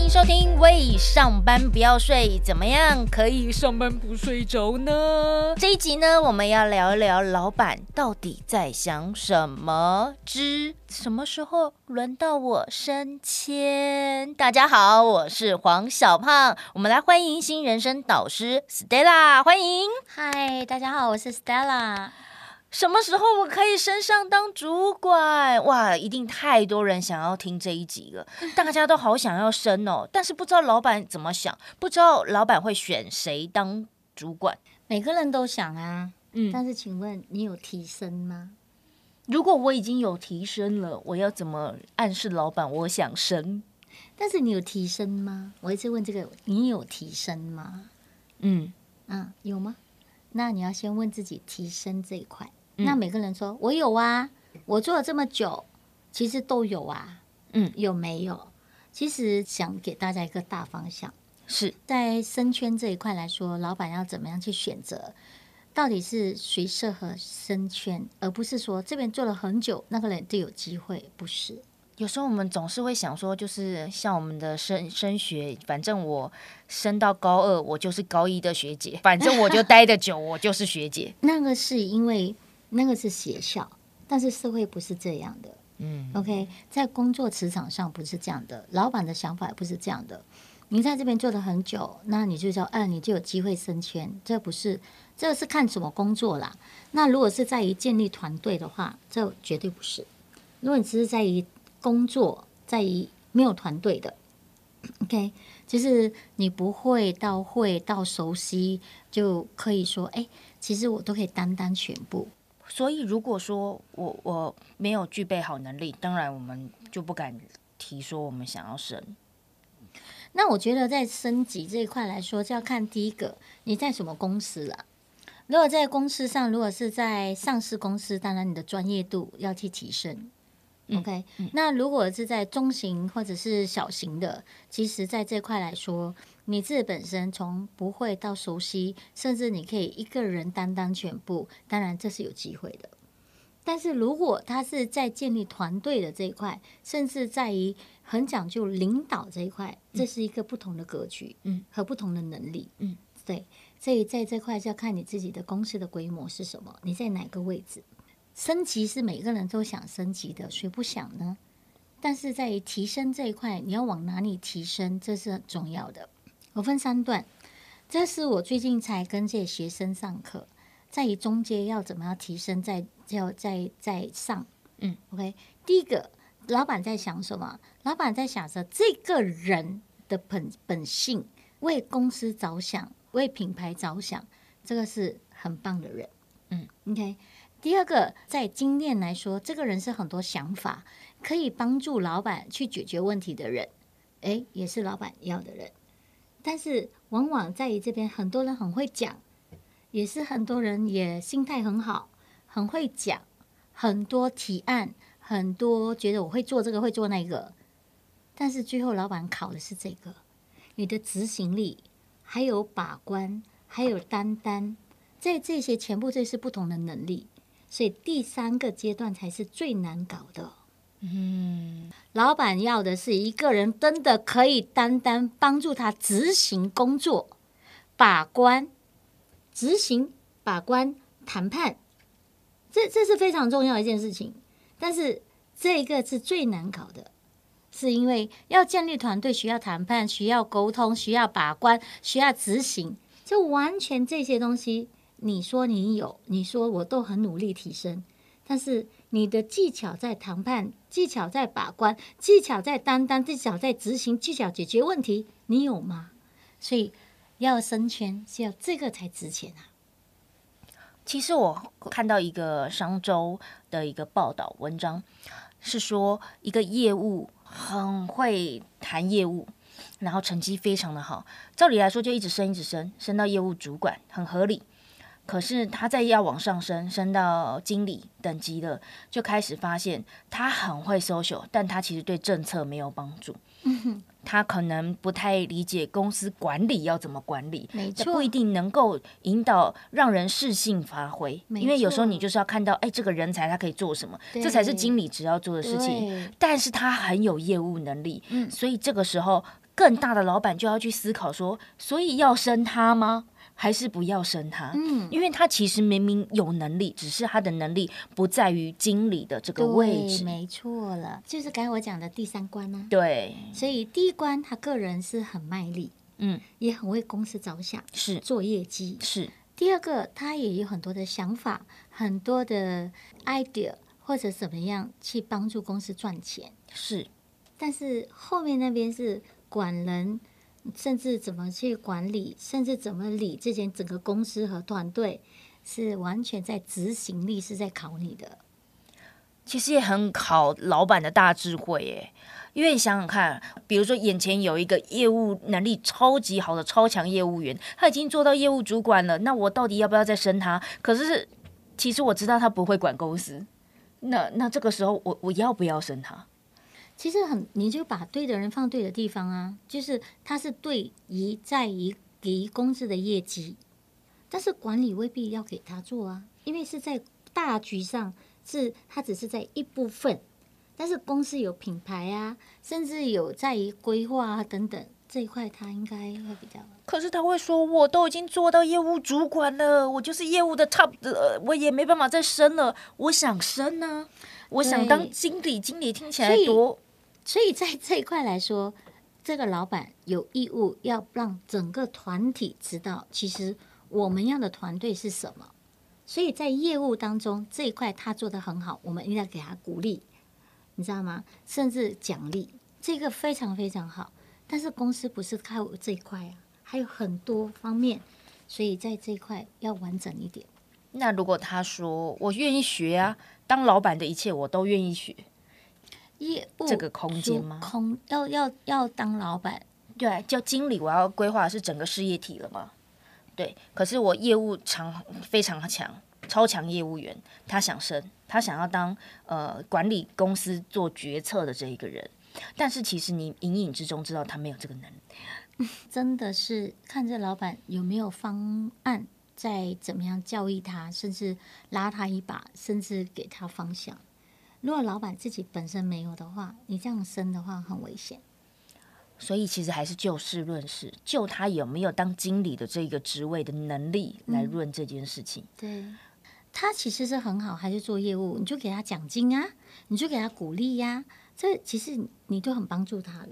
歡迎收聽《位上班不要睡》，怎麼樣可以上班不睡着呢？這一集呢，我們要聊一聊老闆到底在想什麼之？之什麼時候輪到我升遷？大家好，我是黃小胖，我們來歡迎星人生導師 Stella，歡迎。Hi，大家好，我是 Stella。什麼時候我可以升上當主管？哇，一定太多人想要聽這一集了，大家都好想要升哦，但是不知道老闆怎麼想，不知道老闆會選誰當主管，每個人都想啊。嗯，但是請問你有提升嗎？如果我已經有提升了，我要怎麼暗示老闆我想升？但是你有提升嗎？我一直問這個，你有提升嗎？嗯，啊，有嗎？那你要先問自己提升這一塊。那每個人說：“我有啊，我做了這麼久，其實都有啊。”嗯，有沒有？其實想給大家一個大方向，是在升遷這一塊來說，老闆要怎麼樣去選擇，到底是誰適合升遷，而不是說這邊做了很久，那個人就有機會。不是，有時候我們總是會想說，就是像我們的升升學，反正我升到高二，我就是高一的學姐，反正我就待得久， 我就是學姐。那個是因為。那個是學校，但是社會不是這樣的。嗯，OK，在工作職場上不是這樣的，老闆的想法也不是這樣的。你在這邊做了很久，那你就知道嗯、哎，你就有機會升遷？這不是，這是看什麼工作啦。那如果是在於建立團隊的話，這絕對不是。如果你只是在於工作，在於沒有團隊的，OK，就是你不會到會到熟悉，就可以說，哎，其實我都可以擔當全部。所以，如果說我我沒有具備好能力，當然我們就不敢提說我們想要升。那我覺得在升級這一塊來說，就要看第一個你在什麼公司了。如果在公司上，如果是在上市公司，當然你的專業度要去提升。OK，那如果是在中型或者是小型的，其實在這塊來說，你自己本身從不會到熟悉，甚至你可以一個人擔當全部，當然這是有機會的。但是如果他是在建立團隊的這一塊，甚至在於很講究領導這一塊，這是一個不同的格局，嗯，和不同的能力，嗯，對，所以在這塊就要看你自己的公司的規模是什麼，你在哪個位置。升級是每個人都想升級的，誰不想呢？但是在於提升這一塊，你要往哪裡提升，這是很重要的。我分三段，這是我最近才跟這些學生上課，在於中間要怎麼樣提升，在要在在上，嗯，OK。第一個，老闆在想什麼？老闆在想着這個人的本本性為公司着想，為品牌着想，這個是很棒的人，嗯，OK。第二個，在經驗來說，這個人是很多想法可以幫助老闆去解決問題的人，誒，也是老闆要的人。但是，往往在於這邊，很多人很會講，也是很多人也心態很好，很會講，很多提案，很多覺得我會做這個，會做那個。但是最後，老闆考的是這個，你的執行力，還有把關，還有擔當，在這些全部，這是不同的能力。所以第三個階段才是最難搞的。嗯，老闆要的是一個人真的可以單單幫助他執行工作、把關、執行、把關、談判。這這是非常重要一件事情，但是這個是最難搞的，是因為要建立團隊，需要談判，需要溝通，需要把關，需要執行，就完全這些東西。你說你有，你說我都很努力提升，但是你的技巧在談判，技巧在把關，技巧在擔當，技巧在執行，技巧解決問題，你有嗎？所以要升遷是要這個才值錢啊。其實我看到一個商周的一個報道文章，是說一個業務很會談業務，然後成績非常的好，照理來說就一直升一直升，升到業務主管很合理。可是他再要往上升，升到經理等級了，就開始發現他很會 social，但他其實對政策沒有幫助。嗯、哼他可能不太理解公司管理要怎麼管理，沒錯他不一定能夠引導讓人適性發揮。錯因為有時候你就是要看到，哎，這個人才他可以做什麼，對這才是經理只要做的事情。對但是他很有業務能力，嗯、所以這個時候更大的老闆就要去思考說，所以要升他嗎？還是不要升他，嗯，因為他其實明明有能力，只是他的能力不在於經理的這個位置，對，沒錯了，就是剛才我講的第三關呢、啊。對，所以第一關他個人是很賣力，嗯，也很為公司着想，是做業績，是第二個他也有很多的想法，很多的 idea 或者怎麼樣去幫助公司賺錢，是，但是後面那邊是管人。甚至怎麼去管理，甚至怎麼理這間整個公司和團隊，是完全在執行力是在考你的。其實也很考老闆的大智慧耶，因為想想看，比如說眼前有一個業務能力超級好的超強業務員，他已經做到業務主管了，那我到底要不要再升他？可是其實我知道他不會管公司，那那這個時候我我要不要升他？其實很，你就把對的人放對的地方啊，就是他是對於在於給公司的業績，但是管理未必要給他做啊，因為是在大局上，是他只是在一部分，但是公司有品牌啊，甚至有在於規劃啊等等這一塊，他應該會比較。可是他會說，我都已經做到業務主管了，我就是業務的 top 了，我也沒辦法再升了，我想升呢、啊，對我想當經理，經理聽起來多。所以在這一塊來說，這個老闆有義務要讓整個團體知道，其實我們要的團隊是什麼。所以在業務當中這一塊他做得很好，我們應該給他鼓勵，你知道嗎？甚至獎勵，這個非常非常好。但是公司不是靠這一塊啊，還有很多方面。所以在這一塊要完整一點。那如果他說我願意學啊，當老闆的一切我都願意學。業務這個空間嗎？空要要要當老闆，對，叫經理。我要規劃的是整個事業體了嘛。對，可是我業務強，非常強，超強業務員，他想升，他想要當呃管理公司做決策的這一個人，但是其實你隱隱之中知道他沒有這個能力， 真的是看這老闆有沒有方案，再怎麼樣教育他，甚至拉他一把，甚至給他方向。如果老闆自己本身沒有的話，你這樣升的話很危險。所以其實還是就事論事，就他有沒有當經理的這個職位的能力來論這件事情。嗯、對，他其實是很好，還是做業務，你就給他獎金啊，你就給他鼓勵呀、啊，這其實你都很幫助他了。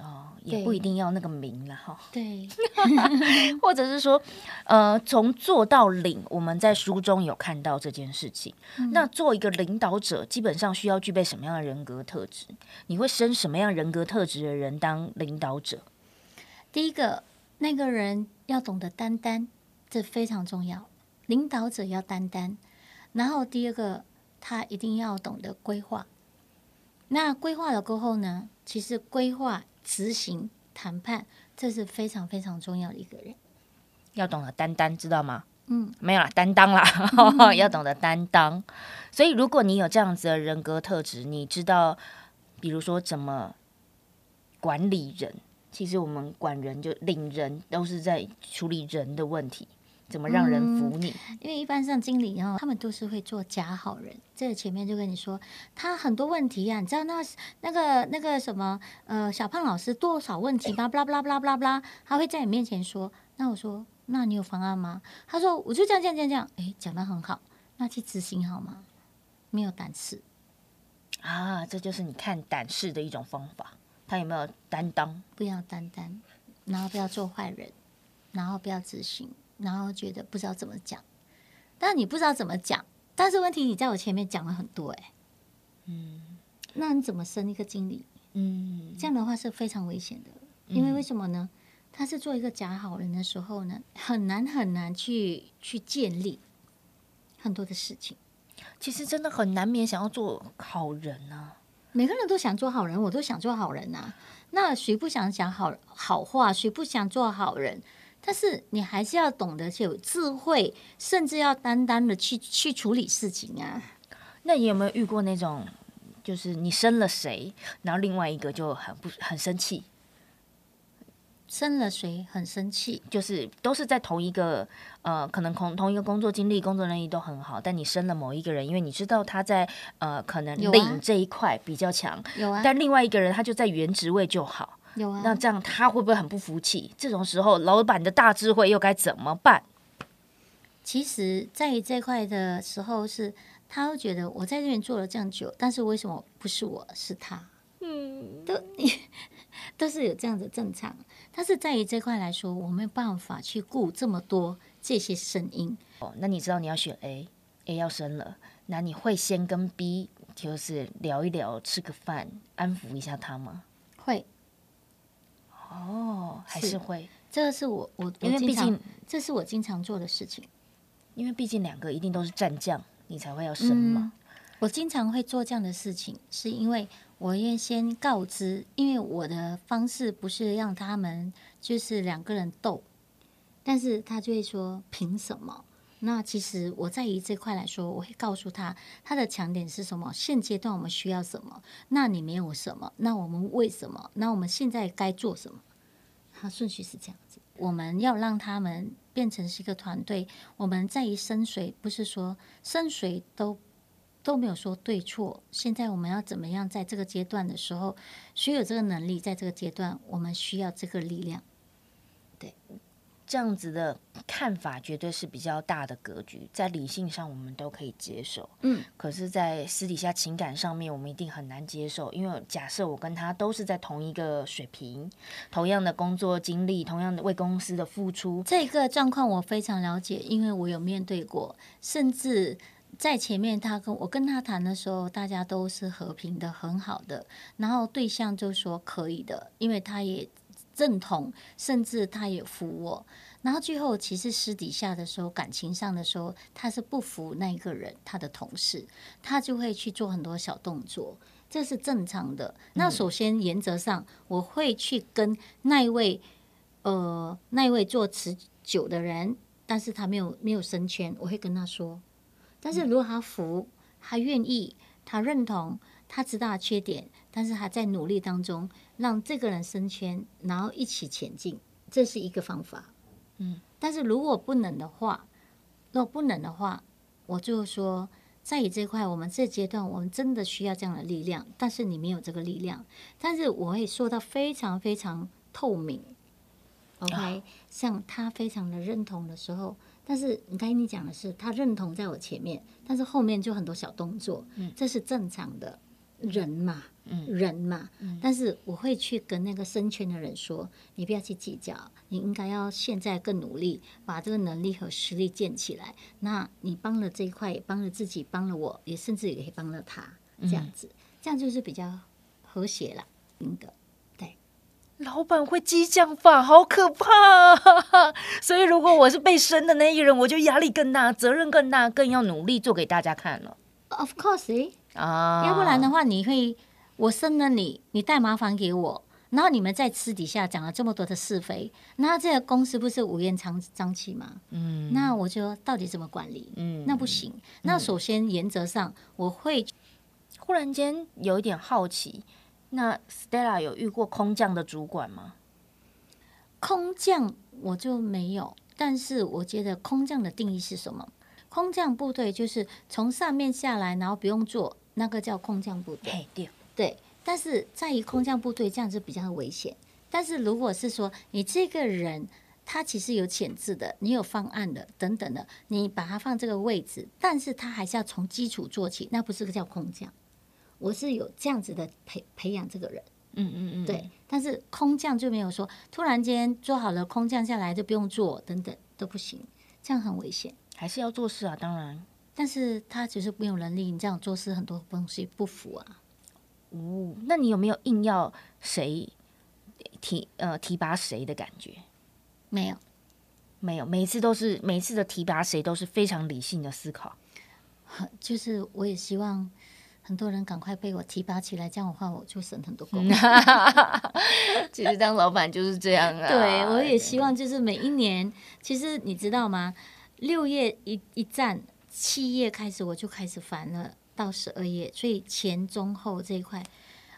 哦，也不一定要那個名了哈。對， 或者是說，呃，從做到領，我們在書中有看到這件事情。嗯、那做一個領導者，基本上需要具備什麼樣的人格特質？你會升什麼樣的人格特質的人當領導者？第一個，那個人要懂得擔當，這非常重要。領導者要擔當。然後第二個，他一定要懂得規劃。那規劃了過後呢？其實規劃。執行談判，這是非常非常重要的一個人，要懂得擔當，知道嗎？嗯，沒有啦，擔當啦， 要懂得擔當。所以，如果你有這樣子的人格特質，你知道，比如說怎麼管理人，其實我們管人就領人，都是在處理人的問題。怎麼讓人服你？嗯？因為一般上經理然後他們都是會做假好人，在前面就跟你說，他很多問題呀、啊，你知道那那個那個什麼呃小胖老師多少問題吧 blah blah blah blah blah 他會在你面前說。那我說，那你有方案嗎？他說我就這樣這樣這樣哎，講得很好，那去執行好嗎？沒有膽識啊，這就是你看膽識的一種方法。他有沒有擔當？不要擔當，然後不要做壞人，然後不要執行。然後覺得不知道怎麼講，但你不知道怎麼講，但是問題你在我前面講了很多誒、欸，嗯，那你怎麼升一個經理？嗯，這樣的話是非常危險的，嗯、因為為什麼呢？他是做一個假好人的時候呢，很難很難去去建立很多的事情。其實真的很難免想要做好人啊，每個人都想做好人，我都想做好人啊，那誰不想講好好話？誰不想做好人？但是你還是要懂得有智慧，甚至要擔當的去去處理事情啊。那你有沒有遇過那種，就是你升了誰，然後另外一個就很不很生氣，升了誰很生氣，就是都是在同一個呃，可能同同一個工作經歷、工作能力都很好，但你升了某一個人，因為你知道他在呃可能領這一塊比較強，有啊，有啊，但另外一個人他就在原職位就好。有啊，那這樣他會不會很不服氣？這種時候，老闆的大智慧又該怎麼辦？其實，在於這塊的時候是，是他會覺得我在這邊做了這樣久，但是為什麼不是我是他？嗯，都都是有這樣的正常。但是，在於這塊來說，我沒有辦法去顧這麼多這些聲音。哦，那你知道你要選 A，A 要升了，那你會先跟 B 就是聊一聊，吃個飯，安撫一下他嗎？會。哦，還是會，是這個是我我，因為畢竟這是我經常做的事情，因為畢竟兩個一定都是戰將，你才會要升嘛、嗯。我經常會做這樣的事情，是因為我要先告知，因為我的方式不是讓他們就是兩個人鬥，但是他就會說憑什麼？那其實我在於這塊來說，我會告訴他他的強點是什麼，現階段我們需要什麼，那你沒有什麼，那我們為什麼？那我們現在該做什麼？它順序是這樣子，我們要讓他們變成是一個團隊。我們在於升誰，不是說升誰都都沒有說對錯。現在我們要怎麼樣，在這個階段的時候，誰有這個能力，在這個階段，我們需要這個力量。對。這樣子的看法絕對是比較大的格局，在理性上我們都可以接受，嗯，可是，在私底下情感上面，我們一定很難接受。因為假設我跟他都是在同一個水平，同樣的工作經歷，同樣的為公司的付出，這個狀況我非常了解，因為我有面對過。甚至在前面，他跟我，我跟他談的時候，大家都是和平的、很好的，然後對象就說可以的，因為他也，認同，甚至他也服我。然後最後，其實私底下的時候，感情上的時候，他是不服那一個人，他的同事，他就會去做很多小動作，這是正常的。那首先原則上，我會去跟那一位，呃，那位做持久的人，但是他沒有沒有升遷，我會跟他說。但是如果他服，他願意，他認同，他知道他缺點。但是還在努力當中，讓這個人升遷，然後一起前進，這是一個方法。嗯，但是如果不能的話，如果不能的話，我就說，在於這塊，我們這階段，我們真的需要這樣的力量。但是你沒有這個力量，但是我會說到非常非常透明。OK，、啊、像他非常的認同的時候，但是你剛才你講的是他認同在我前面，但是後面就很多小動作，嗯，這是正常的。人嘛，人嘛，嗯、但是我會去跟那個升遷的人說，你不要去計較，你應該要現在更努力，把這個能力和實力建起來。那你幫了這一塊，也幫了自己，幫了我，也甚至也可以幫了他，這樣子，嗯、這樣就是比較和諧了。應該，對。老闆會激將法，好可怕！ 所以如果我是被升的那一個人，我就壓力更大，責任更大，更要努力做給大家看了。Of course, 啊！要不然的話，你會我升了你，你帶麻煩給我，然後你們在私底下講了這麼多的是非，那這個公司不是烏煙瘴氣嗎？嗯，那我就到底怎麼管理？嗯，那不行。嗯嗯、那首先原則上我會忽然間有一點好奇，那 Stella 有遇過空降的主管嗎？空降我就沒有，但是我覺得空降的定義是什麼？空降部隊就是從上面下來，然後不用做。那個叫空降部隊，對，但是在於空降部隊這樣子比較危險。但是如果是說你這個人他其實有潛質的，你有方案的等等的，你把他放這個位置，但是他還是要從基礎做起，那不是個叫空降，我是有這樣子的培培養這個人，嗯嗯嗯，對，但是空降就沒有說突然間做好了空降下來就不用做等等都不行，這樣很危險，還是要做事啊，當然。但是他其實沒有能力，你這樣做事很多東西不符啊。哦，那你有沒有硬要誰提呃提拔誰的感覺？沒有，沒有，每次都是每次的提拔誰都是非常理性的思考。就是我也希望很多人趕快被我提拔起來，這樣的話我就省很多工。 其實當老闆就是這樣啊。對，我也希望就是每一年， 其實你知道嗎？六月一一站。七月開始我就開始煩了，到十二月，所以前中後這一塊，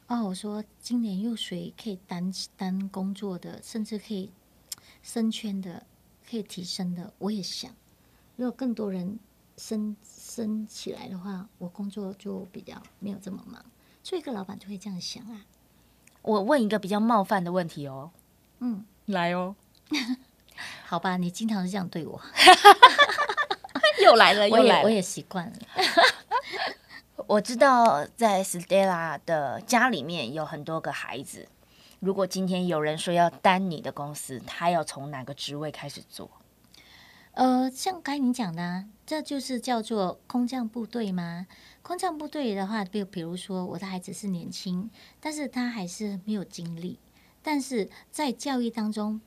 哦，我說今年有誰可以擔擔工作的，甚至可以升遷的，可以提升的，我也想，如果更多人升升起來的話，我工作就比較沒有這麼忙，所以個老闆就會這樣想啊。我問一個比較冒犯的問題哦，嗯，來哦， 好吧，你經常是這樣對我。 又來了，我也，又來我也，我也習慣了。 我知道在 Stella 的家裡面有很多個孩子。如果今天有人說要擔你的公司，他要從哪個職位開始做？嗯、呃，像剛才你講的、啊，這就是叫做空降部隊嗎？空降部隊的話，比如比如說我的孩子是年輕，但是他還是沒有經歷，但是在教育當中，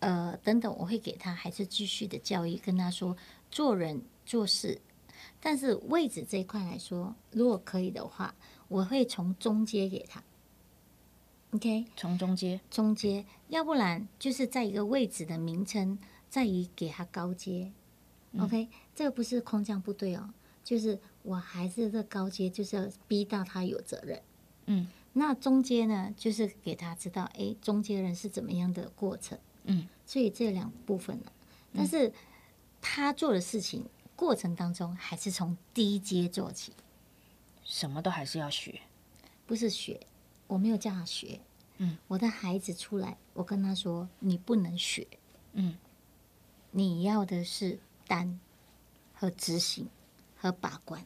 呃，等等，我會給他還是繼續的教育，跟他說。做人做事，但是位置這一塊來說，如果可以的話，我會從中階給他。OK，從中階，中階，要不然就是在一個位置的名稱在於給他高階。OK，嗯，這個不是空降部隊哦，就是我還是在高階，就是要逼到他有責任。嗯，那中階呢，就是給他知道，誒，中階人是怎麼樣的過程。嗯，所以這兩部分呢，但是。嗯他做的事情過程當中，還是從低階做起，什麼都還是要學，不是學，我沒有叫他學，嗯，我的孩子出來，我跟他說，你不能學，嗯，你要的是擔和執行和把關，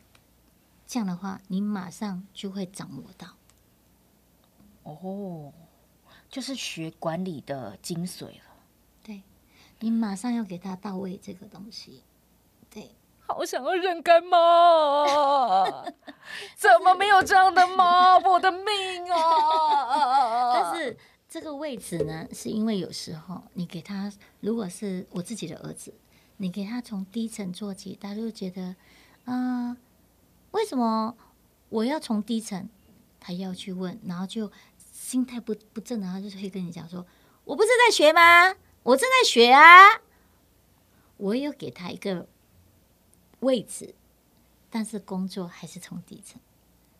這樣的話，你馬上就會掌握到，哦，就是學管理的精髓了。你馬上要給他到位這個東西，對，好想要認乾媽 是怎麼沒有這樣的媽？我的命啊！ 但是這個位置呢，是因為有時候你給他，如果是我自己的兒子，你給他從低層做起，他就覺得，啊、呃，為什麼我要從低層？他要去問，然後就心態不不正，然後他就會跟你講說：“我不是在學嗎？”我正在學啊，我有給他一個位置，但是工作還是從底層，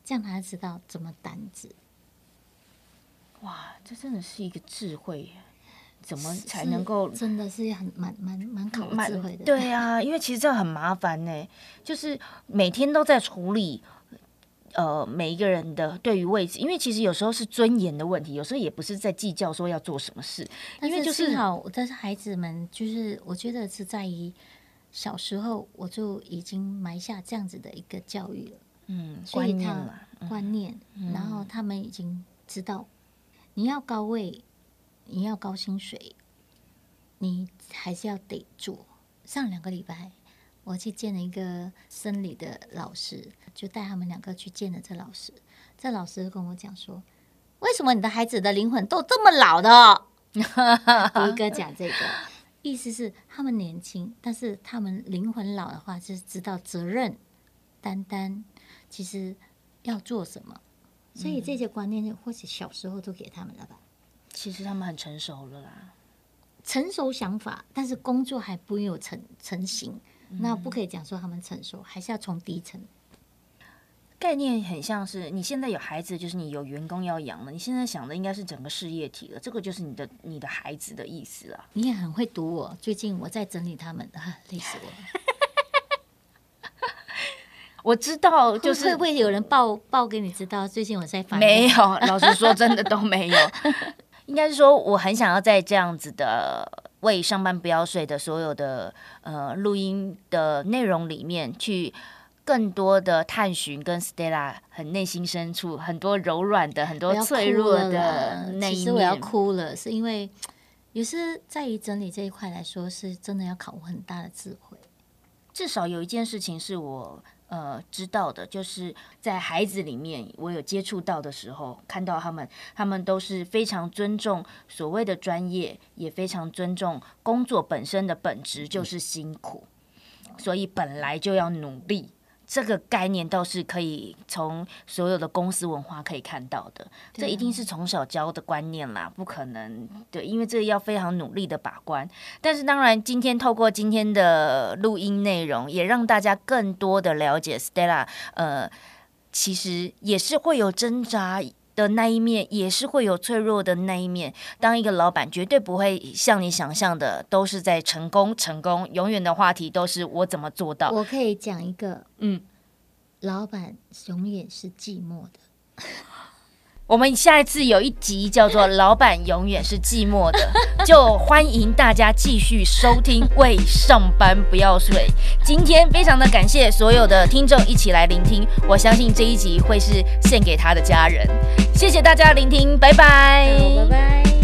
這樣他才知道怎麼擔子。哇，這真的是一個智慧耶！怎麼才能夠？真的是很蠻蠻蠻考智慧的。對啊，因為其實這很麻煩呢、欸，就是每天都在處理。呃，每一個人的對於位置，因為其實有時候是尊嚴的問題，有時候也不是在計較說要做什麼事，但是是因為就是好，但是孩子們就是我覺得是在於小時候我就已經埋下這樣子的一個教育了，嗯，觀念觀念，觀念嗯，然後他們已經知道，嗯，你要高位，你要高薪水，你還是要得做上兩個禮拜。我去見了一個生理的老師，就帶他們兩個去見了這老師。這老師跟我講說：“為什麼你的孩子的靈魂都這麼老的？”胡 哥講這個 意思是他們年輕，但是他們靈魂老的話，就是知道責任擔當，單單其實要做什麼。所以這些觀念、嗯、或許小時候都給他們了吧？其實他們很成熟了啦，成熟想法，但是工作還不有成成型。那不可以講說他們成熟，嗯、還是要從底層。概念很像是你現在有孩子，就是你有員工要養了。你現在想的應該是整個事業體了，這個就是你的你的孩子的意思了，啊。你也很會讀我，最近我在整理他們，累死我了。 我知道，就是會不會有人報報給你知道？最近我在發，沒有，老實說真的都沒有。 應該是說我很想要在這樣子的。為上班不要睡的所有的呃錄音的內容裡面，去更多的探尋跟 Stella 很內心深處很多柔軟的、很多脆弱的內心。其實我要哭了，是因為也是在於整理這一塊來說，是真的要考很大的智慧。至少有一件事情是我呃知道的，就是在孩子裡面，我有接觸到的時候，看到他們，他們都是非常尊重所謂的專業，也非常尊重工作本身的本質就是辛苦，所以本來就要努力。這個概念倒是可以從所有的公司文化可以看到的。啊、這一定是從小教的觀念啦，不可能對，因為這個要非常努力的把關。但是當然，今天透過今天的錄音內容，也讓大家更多的了解 Stella，呃，其實也是會有掙扎。的那一面也是會有脆弱的那一面。當一個老闆絕對不會像你想象的都是在成功，成功永遠的話題都是我怎麼做到。我可以講一個，嗯，老闆永遠是寂寞的。 我們下一次有一集叫做《老闆永遠是寂寞的》，就歡迎大家繼續收聽《位！上班不要睡》。今天非常的感謝所有的聽眾一起來聆聽，我相信這一集會是獻給他的家人。謝謝大家聆聽，拜拜。拜拜。